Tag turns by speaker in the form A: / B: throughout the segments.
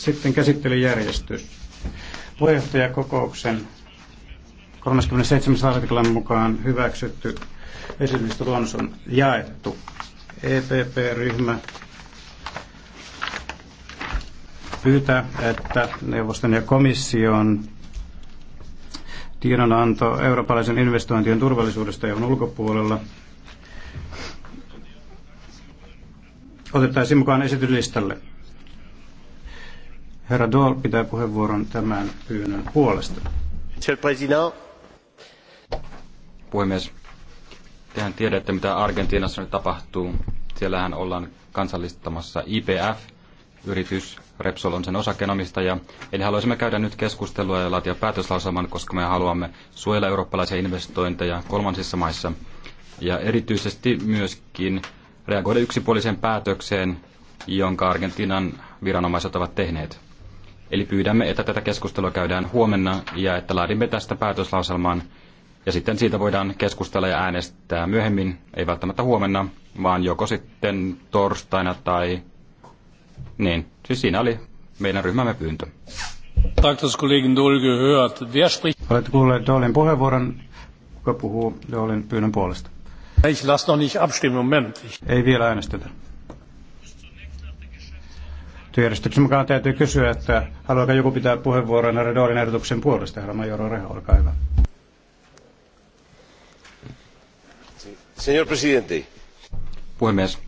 A: Sitten käsittelyjärjestys. Puheenjohtajakokouksen 37. artiklan mukaan hyväksytty esitysluonnos on jaettu. EPP-ryhmä pyytää, että neuvoston ja komission tiedonanto eurooppalaisen investointien turvallisuudesta ja ulkopuolella otettaisiin mukaan esityslistalle. Herra Dahl pitää puheenvuoron tämän pyynnön puolesta. Monsieur President.
B: Puhemies, tehän tiedätte mitä Argentiinassa nyt tapahtuu. Siellähän ollaan kansallistamassa IPF, yritys, Repsol on sen osakenomistaja. Eli haluaisimme käydä nyt keskustelua ja laatia päätöslauselman, koska me haluamme suojella eurooppalaisia investointeja kolmansissa maissa. Ja erityisesti myöskin reagoida yksipuoliseen päätökseen, jonka Argentiinan viranomaiset ovat tehneet. Eli pyydämme, että tätä keskustelua käydään huomenna ja että laadimme tästä päätöslauselman. Ja sitten siitä voidaan keskustella ja äänestää myöhemmin, ei välttämättä huomenna, vaan joko sitten torstaina tai... Niin, siis siinä oli meidän ryhmämme pyyntö.
A: Olette kuulleet Dolin puheenvuoron, kuka puhuu Dolin pyynnön puolesta. Ich lasse noch nicht abstimmen, Moment. Ei vielä äänestetä. Työjärjestyksen mukaan täytyy kysyä, että haluaako joku pitää puheenvuoron Redolin ehdotuksen puolesta. Herra Majoro Reho, olkaa hyvä.
B: Señor presidente. Puhemies.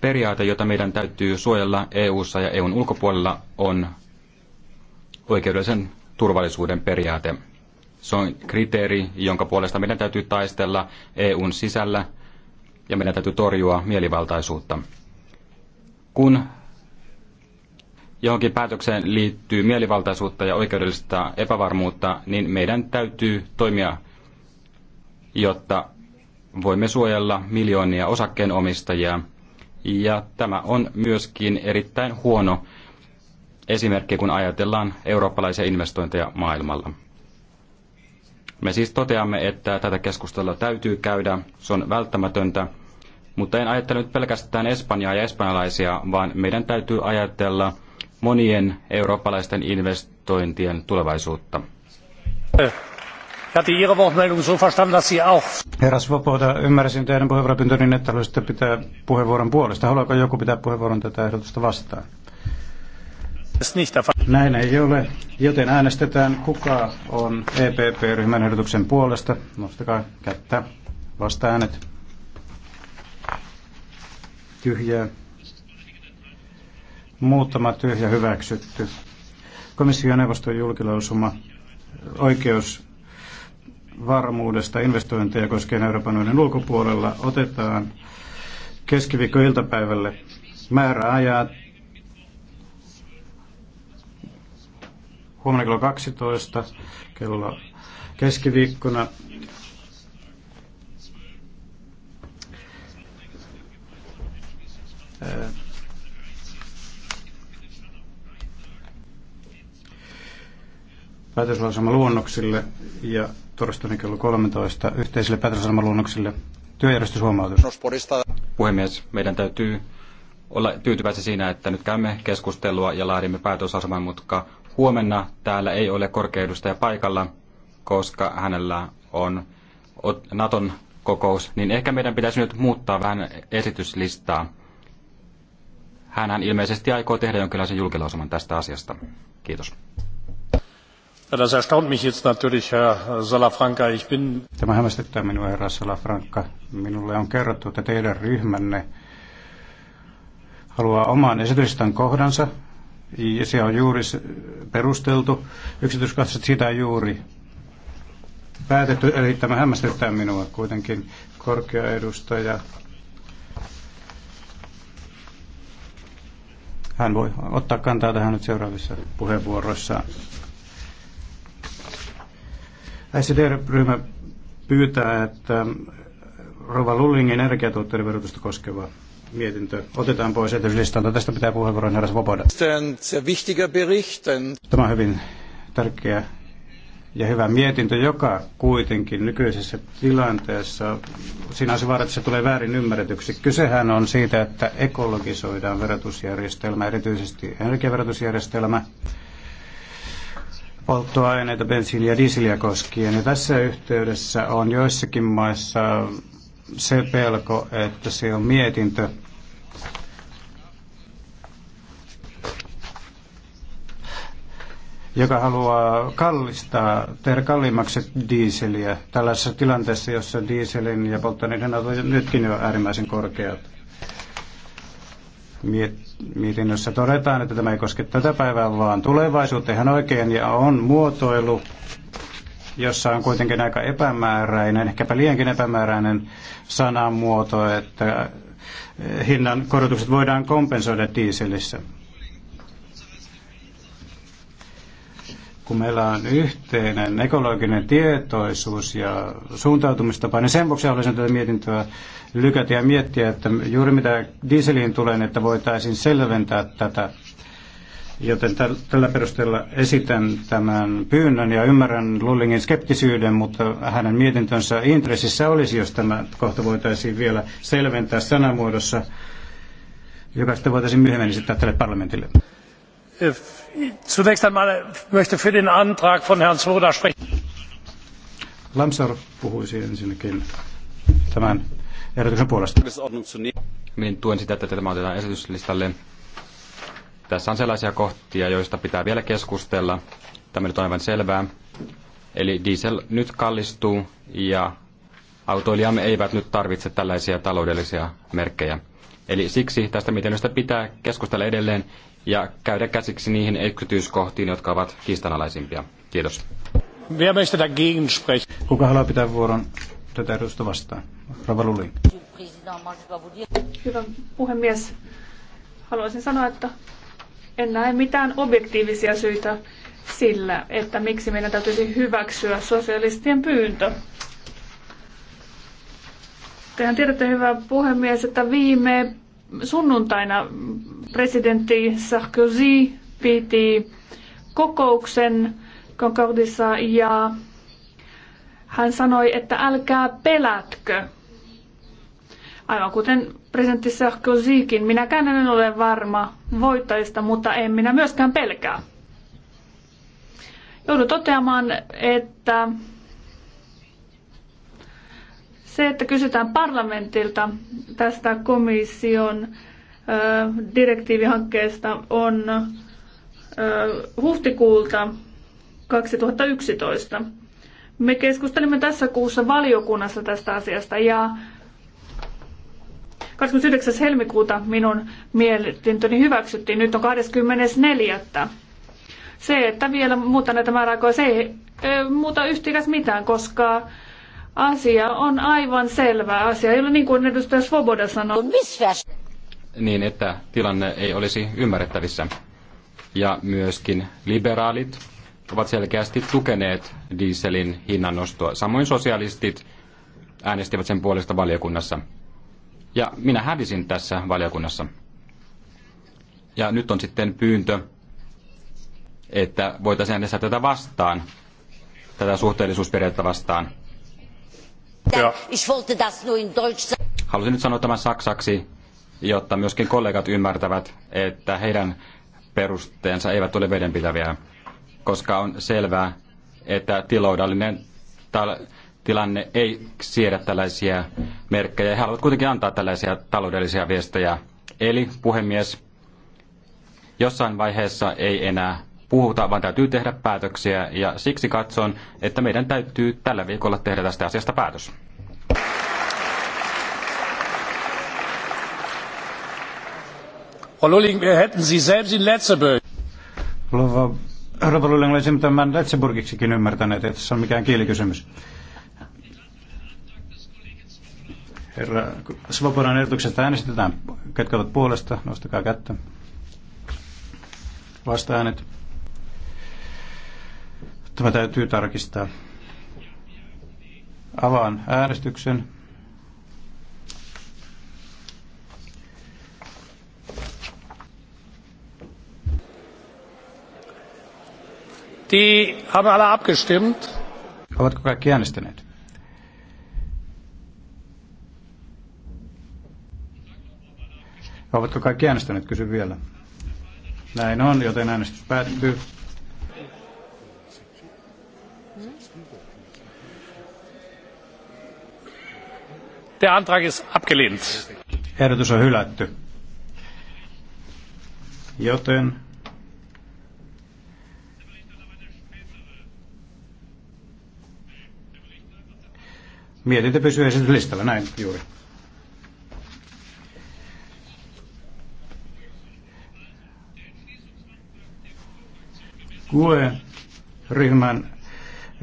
B: Periaate, jota meidän täytyy suojella EU:ssa ja EUn ulkopuolella, on oikeudellisen turvallisuuden periaate. Se on kriteeri, jonka puolesta meidän täytyy taistella EUn sisällä ja meidän täytyy torjua mielivaltaisuutta kun johonkin päätökseen liittyy mielivaltaisuutta ja oikeudellista epävarmuutta, niin meidän täytyy toimia, jotta voimme suojella miljoonia osakkeenomistajia. Ja tämä on myöskin erittäin huono esimerkki, kun ajatellaan eurooppalaisia investointeja maailmalla. Me siis toteamme, että tätä keskustelua täytyy käydä, se on välttämätöntä, mutta en ajattele nyt pelkästään Espanjaa ja espanjalaisia, vaan meidän täytyy ajatella monien eurooppalaisten investointien tulevaisuutta.
A: Herra Svoboda, ymmärsin teidän puheenvuoropyyntöni, niin että haluaisitte pitää puheenvuoron puolesta. Haluaako joku pitää puheenvuoron tätä ehdotusta vastaan? Näin ei ole, joten äänestetään kuka on EPP-ryhmän ehdotuksen puolesta. Nostakaa kättä. Vasta-äänet tyhjää. Muuttama tyhjä hyväksytty. neuvoston julkilausuma oikeus varmuudesta investointeja koskien Euroopan unionin ulkopuolella otetaan keskiviikkoiltapäivälle määräajat huomenna kello 12, kello keskiviikkona päätöslauselmaluonnoksille ja torstaina kello 13 yhteisille päätöslauselmaluonnoksille työjärjestyshuomautus.
B: Puhemies, meidän täytyy olla tyytyväisiä siinä, että nyt käymme keskustelua ja laadimme päätösaseman, mutta huomenna täällä ei ole ja paikalla, koska hänellä on Naton kokous, niin ehkä meidän pitäisi nyt muuttaa vähän esityslistaa. Hänhän ilmeisesti aikoo tehdä jonkinlaisen julkilausuman tästä asiasta. Kiitos.
A: Das erstaunt mich jetzt natürlich, Herr Salafranca. Ich bin... Tämä hämmästyttää minua, herra Salafranca. Minulle on kerrottu, että teidän ryhmänne haluaa oman esitystään kohdansa. Ja se on juuri perusteltu. Yksityiskohtaisesti sitä juuri päätetty, eli tämä hämmästyttää minua kuitenkin korkea edustaja Hän voi ottaa kantaa tähän nyt seuraavissa puheenvuoroissa. sdr ryhmä pyytää, että Rova Lullingin energiatuotteiden verotusta koskeva mietintö otetaan pois esityslistalta. Tästä pitää puheenvuoron herra Svoboda. Tämä on hyvin tärkeä ja hyvä mietintö, joka kuitenkin nykyisessä tilanteessa, siinä on se vaara, että se tulee väärin ymmärretyksi. Kysehän on siitä, että ekologisoidaan verotusjärjestelmä, erityisesti energiaverotusjärjestelmä, polttoaineita, bensiiniä ja dieseliä koskien. Ja tässä yhteydessä on joissakin maissa se pelko, että se on mietintö, joka haluaa kallistaa, tehdä kalliimmaksi diiseliä tällaisessa tilanteessa, jossa dieselin ja polttoaineiden ovat nytkin jo äärimmäisen korkeat. Mietinnössä todetaan, että tämä ei koske tätä päivää, vaan tulevaisuutta ihan oikein, ja on muotoilu, jossa on kuitenkin aika epämääräinen, ehkäpä liiankin epämääräinen sanamuoto, että hinnan korotukset voidaan kompensoida diiselissä. kun meillä on yhteinen ekologinen tietoisuus ja suuntautumistapa, niin sen vuoksi haluaisin tätä mietintöä lykätä ja miettiä, että juuri mitä dieseliin tulee, niin että voitaisiin selventää tätä. Joten tällä perusteella esitän tämän pyynnön ja ymmärrän Lullingin skeptisyyden, mutta hänen mietintönsä intressissä olisi, jos tämä kohta voitaisiin vielä selventää sanamuodossa, joka sitten voitaisiin myöhemmin esittää tälle parlamentille. Äh, zunächst einmal möchte für den Antrag von Herrn Swoboda sprechen. Lamsar puhuisi ensinnäkin tämän ehdotuksen puolesta.
B: Minä niin, tuen sitä, että tämä otetaan esityslistalle. Tässä on sellaisia kohtia, joista pitää vielä keskustella. Tämä nyt on aivan selvää. Eli diesel nyt kallistuu ja autoilijamme eivät nyt tarvitse tällaisia taloudellisia merkkejä. Eli siksi tästä mietinnöstä pitää keskustella edelleen ja käydä käsiksi niihin yksityiskohtiin, jotka ovat kiistanalaisimpia. Kiitos.
A: Kuka haluaa pitää vuoron tätä edusta vastaan? Rava Luli.
C: Hyvä puhemies. Haluaisin sanoa, että en näe mitään objektiivisia syitä sillä, että miksi meidän täytyisi hyväksyä sosialistien pyyntö Tehän tiedätte, hyvä puhemies, että viime sunnuntaina presidentti Sarkozy piti kokouksen Concordissa ja hän sanoi, että älkää pelätkö. Aivan kuten presidentti Sarkozykin, minäkään en ole varma voittajista, mutta en minä myöskään pelkää. Joudun toteamaan, että se, että kysytään parlamentilta tästä komission direktiivihankkeesta on huhtikuulta 2011. Me keskustelimme tässä kuussa valiokunnassa tästä asiasta ja 29. helmikuuta minun mietintöni hyväksyttiin. Nyt on 24. Se, että vielä muuta näitä määräaikoja, se ei muuta yhtikäs mitään, koska Asia on aivan selvä asia, ei ole niin kuin edustaja Svoboda sanoi. No,
B: niin, että tilanne ei olisi ymmärrettävissä. Ja myöskin liberaalit ovat selkeästi tukeneet dieselin hinnan nostoa. Samoin sosialistit äänestivät sen puolesta valiokunnassa. Ja minä hävisin tässä valiokunnassa. Ja nyt on sitten pyyntö, että voitaisiin äänestää tätä vastaan, tätä suhteellisuusperiaatetta vastaan. Ja.
C: Ich wollte das nur in Deutsch sagen.
B: Halusin nyt sanoa tämän saksaksi, jotta myöskin kollegat ymmärtävät, että heidän perusteensa eivät ole vedenpitäviä, koska on selvää, että tiloudallinen tilanne ei siedä tällaisia merkkejä. He haluavat kuitenkin antaa tällaisia taloudellisia viestejä. Eli puhemies, jossain vaiheessa ei enää puhuta, vaan täytyy tehdä päätöksiä ja siksi katson, että meidän täytyy tällä viikolla tehdä tästä asiasta päätös. Frau Lulling, wir hätten Sie selbst in Letzeburg.
A: Rouva, Rouva Lulling, olisin tämän Letzeburgiksikin ymmärtäneet, että se on mikään kielikysymys. Herra Svobodan ehdotuksesta äänestetään. Ketkä ovat puolesta, nostakaa kättä. Vasta-äänet. Tämä täytyy tarkistaa. Avaan äänestyksen. Die haben alle abgestimmt. Ovatko kaikki äänestäneet? Ovatko kaikki äänestäneet? Kysy vielä. Näin on, joten äänestys päättyy. Der Antrag ist abgelehnt. Ehdotus on hylätty. Joten mietintö pysyy esityslistalla, näin juuri. GUE-ryhmän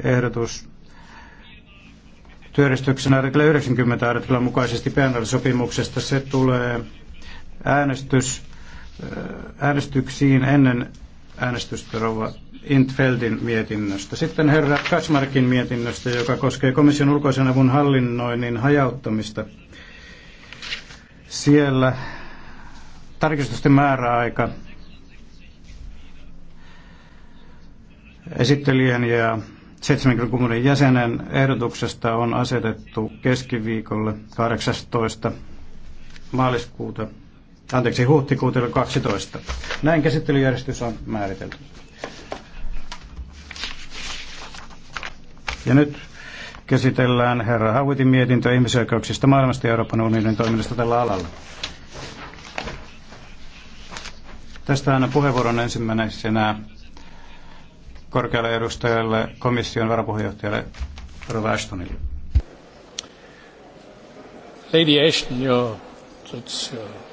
A: ehdotus työjärjestyksen artikla 90 artiklan mukaisesti sopimuksesta Se tulee äänestys, äh, äänestyksiin ennen äänestystä rouva Intfeldin mietinnöstä. Sitten herra Kasmarkin mietinnöstä, joka koskee komission ulkoisen avun hallinnoinnin hajauttamista. Siellä tarkistusten määräaika esittelijän ja 70 jäsenen ehdotuksesta on asetettu keskiviikolle 18. maaliskuuta, anteeksi huhtikuuta 12. Näin käsittelyjärjestys on määritelty. Ja nyt käsitellään herra Hauitin mietintö ihmisoikeuksista maailmasta ja Euroopan unionin toiminnasta tällä alalla. Tästä aina puheenvuoron ensimmäisenä korkealle edustajalle, komission varapuheenjohtajalle Rova Ashtonille.
B: Lady Ashton, uh...